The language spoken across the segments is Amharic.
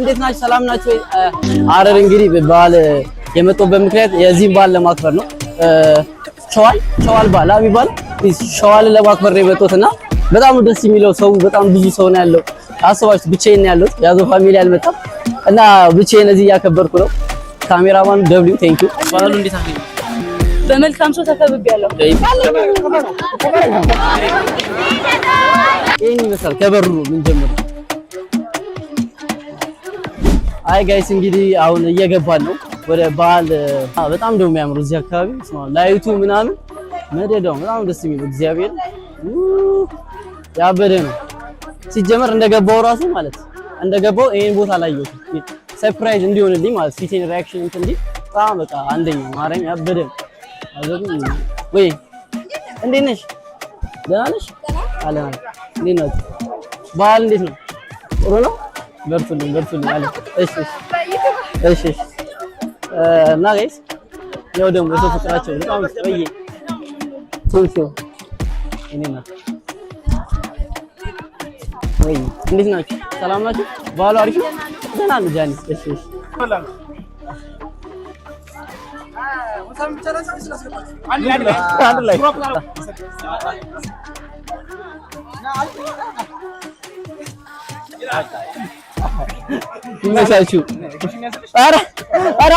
እንዴት ናችሁ? ሰላም ናችሁ? ሀረር እንግዲህ በዓል የመጣሁበት ምክንያት የዚህን በዓል ለማክበር ነው። ሸዋል ሸዋል በዓል አሚባል ሸዋል ለማክበር ነው የመጣሁት እና በጣም ደስ የሚለው ሰው በጣም ብዙ ሰው ነው ያለው። አስባችሁ ብቻዬን ነው ያለሁት፣ ያዞ ፋሚሊ አልመጣም እና ብቻዬን እዚህ እያከበርኩ ነው። ካሜራማኑ ደብሊው ቴንክ ዩ። በዓሉ እንዴት አለ? በመልካም ሰው ተከብቤያለሁ። ይሄን ይመስላል ከበሩ ምን ጀምሩ አይ ጋይስ እንግዲህ አሁን እየገባን ነው ወደ በዓል። በጣም ደው የሚያምሩ እዚህ አካባቢ ላይቱ ምናምን መደዳው በጣም ደስ የሚል እግዚአብሔር ያበደ ነው። ሲጀመር እንደገባው ራሱ ማለት እንደገባው ይሄን ቦታ ላይ ሰርፕራይዝ እንዲሆንልኝ ማለት ፊቴን ሪያክሽን እንትን እንዲህ በጣም በቃ አንደኛ ማርያም ያበደ ነው። ወይ እንዴት ነሽ? ደህና ነሽ? አለና እንዴት ነው በዓል? እንዴት ነው ጥሩ ነው ገርጹልኝ ገርጹልኝ አለ። እሺ እሺ እና ጋይስ ያው ደግሞ ሰው ፍቅራቸው በጣም በየ ቴንክ ዩ እኔና ወይ እንዴት ናችሁ? ሰላም ናችሁ? በኋላ አሪፍ ደህና ነው ጃኒ። እሺ እሺ አንድ ላይ ይመሳችሁ። ኧረ ኧረ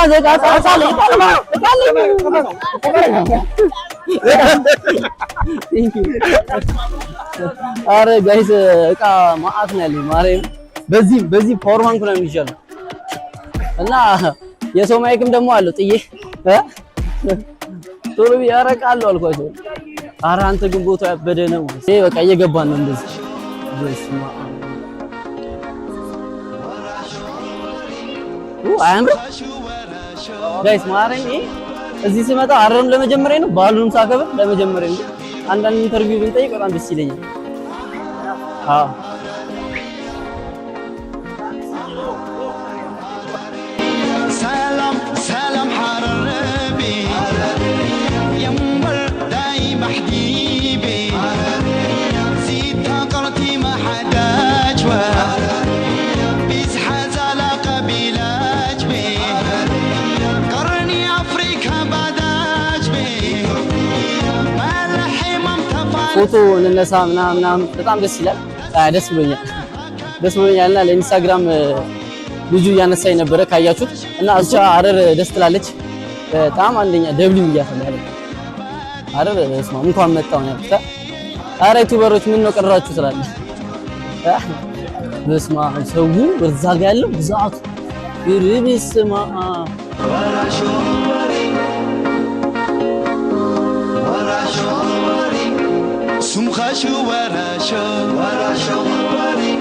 ኧረ ጋይስ እቃ ማአት ነው ያለኝ። ማርያም በዚህ በዚህ ፓወር ባንክ ነው የሚሻለው እና የሰው ማይክም ደግሞ አለው ጥዬ ቶሎ ብዬ አልኳቸው። ኧረ አንተ ግን ቦታው ያበደ ነው። በቃ እየገባን ነው እንደዚህ ጋይስ ማረኝ። እዚህ ስመጣ አረም ለመጀመሪያ ነው፣ ባህሉንም ሳከብር ለመጀመሪያ ነው። አንዳንድ ኢንተርቪው ብንጠይቅ በጣም ደስ ይለኛል። አዎ ፎቶ እንነሳ ምናምን በጣም ደስ ይላል። ደስ ብሎኛል ደስ ብሎኛል እና ለኢንስታግራም ልጁ እያነሳ የነበረ ካያችሁት እና እሷ አረር ደስ ትላለች በጣም አንደኛ ደብሊ እያፈላለ አረር እስማ እንኳን መጣው ነው ያልኩት። አረ ዩቲዩበሮች ምን ነው ቀራችሁ ትላለች። በስማ ሰው እዛ ጋ ያለው ብዛቱ ይርብስማ Сумхашу варашо, варашо, варашо.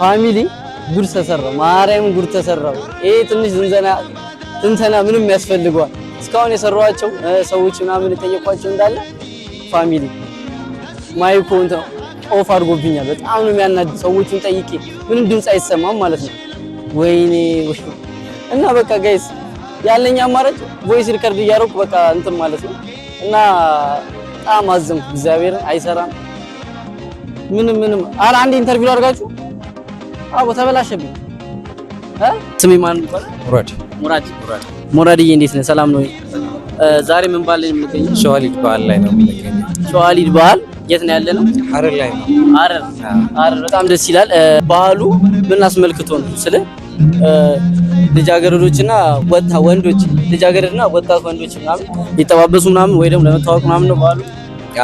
Family ጉድ ተሰራው። ማርያም ጉድ ተሰራው። ይሄ ትንሽ ዝንዘና ትንተና ምንም ያስፈልገዋል። እስካሁን የሰሯቸው ሰዎች ምናምን የጠየኳቸው እንዳለ ፋሚሊ ማይኮ ኦፍ አድርጎብኛል። በጣም ነው የሚያናድ። ሰዎቹን ጠይቄ ምንም ድምፅ አይሰማም ማለት ነው። ወይኔ እና በቃ ጋይስ ያለኝ አማራጭ ቮይስ ሪከርድ እያደረኩ በቃ እንትን ማለት ነው። እና በጣም አዘንኩ። እግዚአብሔርን አይሰራም ምንም ምንም። ኧረ አንድ ኢንተርቪው አድርጋችሁ አቦ ተበላሸብኝ። ስሜ ማን ይባላል? ሙራድ ሙራድ ሙራድ ሙራድዬ፣ እንዴት ነህ? ሰላም ነው? ዛሬ ምን በዓል ላይ ነው የምትገኘው? ሸዋሊድ በዓል ላይ ነው የምንገኘው። ሸዋሊድ በዓል የት ነው ያለ ነው? ሐረር ላይ ነው። ሐረር ሐረር በጣም ደስ ይላል። በዓሉ ምን አስመልክቶ ነው ስለ ልጃገረዶችና ወጣ ወንዶች ልጃገረድና ወጣት ወንዶች ምናምን ይጠባበሱ ምናምን ወይ ደግሞ ለመታወቅ ምናምን ነው በዓሉ?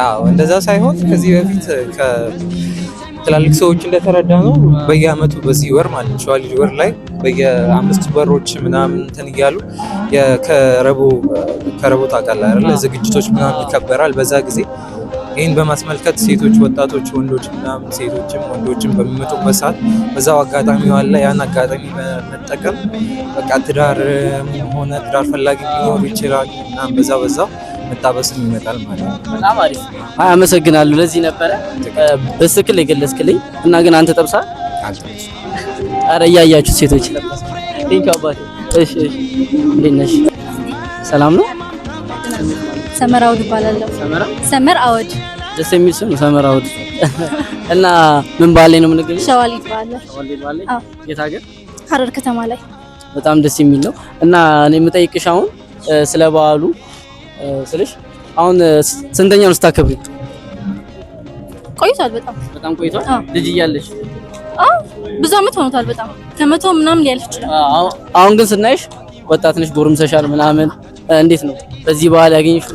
አዎ እንደዛ ሳይሆን ከዚህ በፊት ትላልቅ ሰዎች እንደተረዳ ነው በየአመቱ በዚህ ወር ማለት ሸዋ ልጅ ወር ላይ በየአምስት ወሮች ምናምን እንትን እያሉ ከረቦ ከረቦ ታውቃለህ አይደለ? ዝግጅቶች ምናምን ይከበራል። በዛ ጊዜ ይህን በማስመልከት ሴቶች፣ ወጣቶች፣ ወንዶች ምናምን ሴቶችም ወንዶችም በሚመጡበት ሰዓት በዛው አጋጣሚ ዋለ ያን አጋጣሚ በመጠቀም በቃ ትዳር ሆነ ትዳር ፈላጊ ሊኖሩ ይችላል እና በዛ በዛ መጣበስም ይመጣል ማለት ነው። በጣም አሪፍ አይ አመሰግናለሁ። ለዚህ ነበረ በስክል የገለጽክልኝ እና ግን አንተ ጠብሳ አረ እያያችሁ ሴቶች ቲንክ አባቴ። እሺ፣ እሺ፣ እንዴት ነሽ? ሰላም ነው። ሰመር አውድ እባላለሁ። ሰመራ ሰመር አውድ ደስ የሚል ስም ሰመር አውድ። እና ምን ባለ ነው የምንገኘው? ሸዋሊት በዓል ላይ። ሸዋሊት በዓል ላይ የት ሀገር? ሀረር ከተማ ላይ። በጣም ደስ የሚል ነው። እና እኔ የምጠይቅሽ አሁን ስለ በዓሉ ስልሽ አሁን ስንተኛ ነው ስታከብሪ? ቆይቷል። በጣም በጣም ቆይቷል። ልጅ እያለሽ ብዙ አመት ሆኖታል። በጣም ከመቶ ምናምን ሊያልፍ ይችላል። አሁን ግን ስናይሽ ወጣት ነሽ፣ ጎርምሰሻል ምናምን እንዴት ነው በዚህ ባህል ያገኘሽ?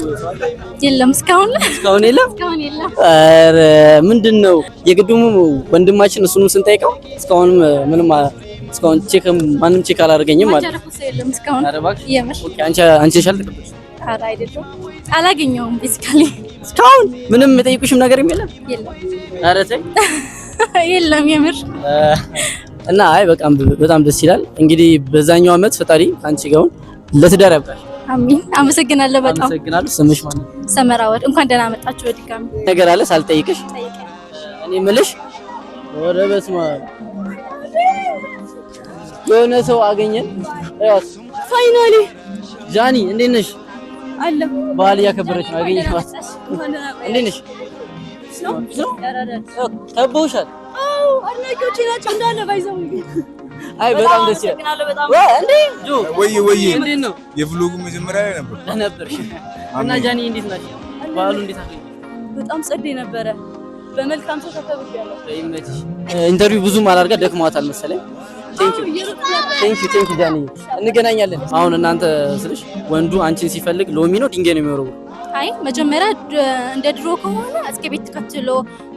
የለም እስካሁን እስካሁን የለም እስካሁን የለም። ኧረ ምንድን ነው የግዱም ወንድማችን እሱንም ስንጠይቀው እስካሁንም ምንም እስካሁን ቼክ ማንም ቼክ አላደረገኝም ማለት ነው። የለም እስካሁን። ኧረ እባክሽ አንቺ አንቺ ኧረ አይደለም አላገኘሁም። ቤዚካሊ እስካሁን ምንም የጠይቁሽም ነገር የለም የለም የለም የምር እና አይ በቃም በጣም ደስ ይላል። እንግዲህ በዛኛው አመት ፈጣሪ አንቺ ጋር ለትዳር ያብቃሽ። አሜን። አመሰግናለሁ። በጣም አመሰግናለሁ። ስምሽ ማለት ነው? ሰመራ ወርቅ። እንኳን ደህና መጣችሁ። በድጋሚ ነገር አለ ሳልጠይቅሽ። እኔ የምልሽ ወደ በስማ የሆነ ሰው አገኘን። ፋይናሊ ጃኒ እንዴት ነሽ? ባህል እያከበረች ነው ያገኘኋት። እንዴት ነሽ? ተበውሻል? አድናቂዎቼ ናቸው እንዳለ ባይዘው። አይ በጣም ደስ ይላል። ወይ ወይ እንዴት ነው? የቭሎጉ መጀመሪያ ላይ ነበር ነበር። እና ጃኒ እንዴት ናቸው? ባህሉ እንዴት አገኘ? በጣም ጸዴ ነበረ። በመልካም ሰው ተከብያለሁ። ይመችሽ። ኢንተርቪው ብዙም አላርጋ ደክሟታል መሰለኝ ቴንኪው ዳንዬ፣ እንገናኛለን። አሁን እናንተ ስልሽ ወንዱ አንቺን ሲፈልግ ሎሚ ነው ድንጋይ ነው የሚወረው? አይ መጀመሪያ እንደ ድሮ ከሆነ እስከ ቤት ተከትሎ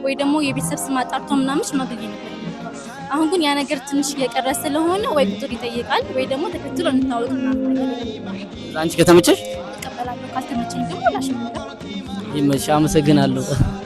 ወይ ደግሞ የቤተሰብ ስም አጣርቶ ምናምን ሽማግሌ ነበር። አሁን ግን ያ ነገር ትንሽ እየቀረ ስለሆነ ወይ ቁጥር ይጠይቃል ወይ ደግሞ ተከትሎ እንታወቅ። አንቺ ከተመቸሽ እቀበላለሁ፣ ካልተመቸኝ ደግሞ ላሽ። ይመችሽ። አመሰግናለሁ።